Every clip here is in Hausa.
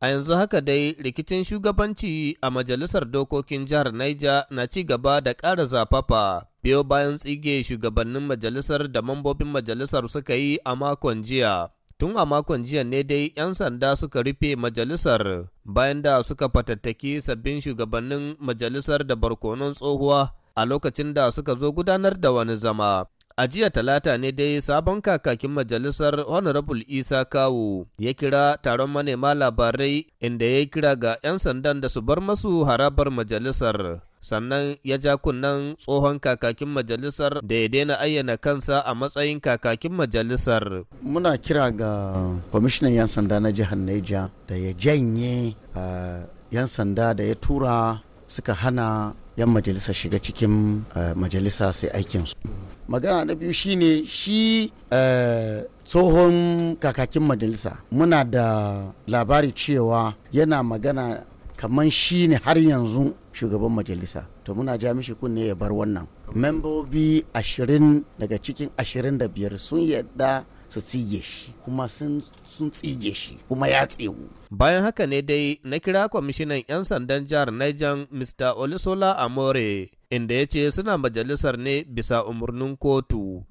A yanzu haka dai rikicin shugabanci a Majalisar Dokokin Jihar Naija na ci gaba da ƙara zafafa biyo bayan tsige shugabannin majalisar da mambobin majalisar suka yi a makon jiya. Tun a makon jiya ne dai 'yan sanda suka rufe majalisar bayan da suka fatattaki sabbin shugabannin majalisar da barkonon tsohuwa a lokacin da suka zo gudanar da wani zama. A jiya talata ne dai sabon kakakin majalisar Honorable Isa Kawo ya kira taron manema labarai inda ya kira ga 'yan sandan da su bar masu harabar majalisar. Sannan ya ja kunnen tsohon kakakin majalisar da ya daina ayyana kansa a matsayin kakakin majalisar. Muna kira ga kwamishinan 'yan sanda na jihar Neja da ya janye 'yan sanda da ya tura suka hana 'yan majalisa shiga cikin majalisa sai aikinsu. magana na biyu shine shi eh, tsohon kakakin majalisa muna da labari cewa yana magana kamar shi ne har yanzu shugaban majalisa to muna ja mishi kunne ya bar wannan membobi ashirin daga cikin ashirin da biyar sun yadda su tsige shi kuma sun tsige shi kuma ya tsewu. bayan haka ne dai na kira kwamishinan 'yan sandan jihar niger mr olisola amore inda ya ce suna majalisar ne bisa umarnin kotu.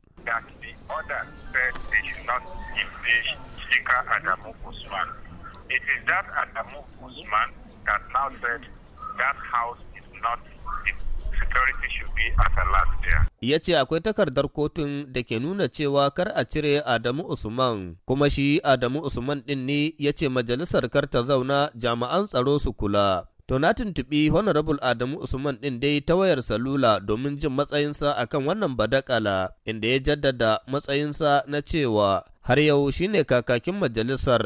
Ya ce akwai takardar kotun da ke nuna cewa kar a cire Adamu Usman, kuma shi Adamu Usman ɗin ne ya ce majalisar kar ta zauna jami'an tsaro su kula. To na tuntuɓi Honorable Adamu Usman ɗin dai ta wayar salula domin jin matsayinsa akan wannan badakala inda ya jaddada matsayinsa na cewa har yau shine kakakin majalisar.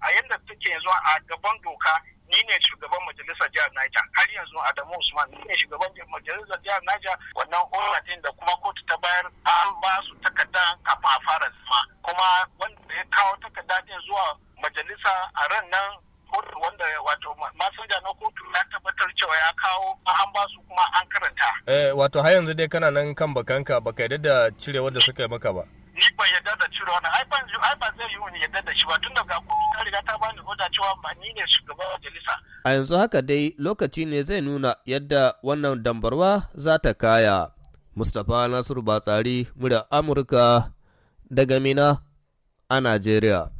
A yadda suke zuwa a gaban doka ni ne shugaban majalisar jihar Niger har yanzu Adamu Usman ni ne shugaban majalisar jihar Niger wannan din da kuma kotu ta bayar an ba su takarda kafin a fara zama kuma wanda ya kawo takarda din zuwa majalisa a ran nan wanda wato masu na kotu ya tabbatar cewa ya kawo an ba su kuma an karanta. Eh wato har yanzu dai kana nan kan bakanka baka yadda da cirewar da suka yi maka ba. Ni ba yadda da cire wani ai ban ai ba zai yi wani yadda da shi ba tun daga kotu ta riga ta bani oda cewa ba ni ne shugaban majalisa. A yanzu haka dai lokaci ne zai nuna yadda wannan dambarwa za ta kaya. Mustapha Nasiru Batsari, murya Amurka daga Mina a Najeriya.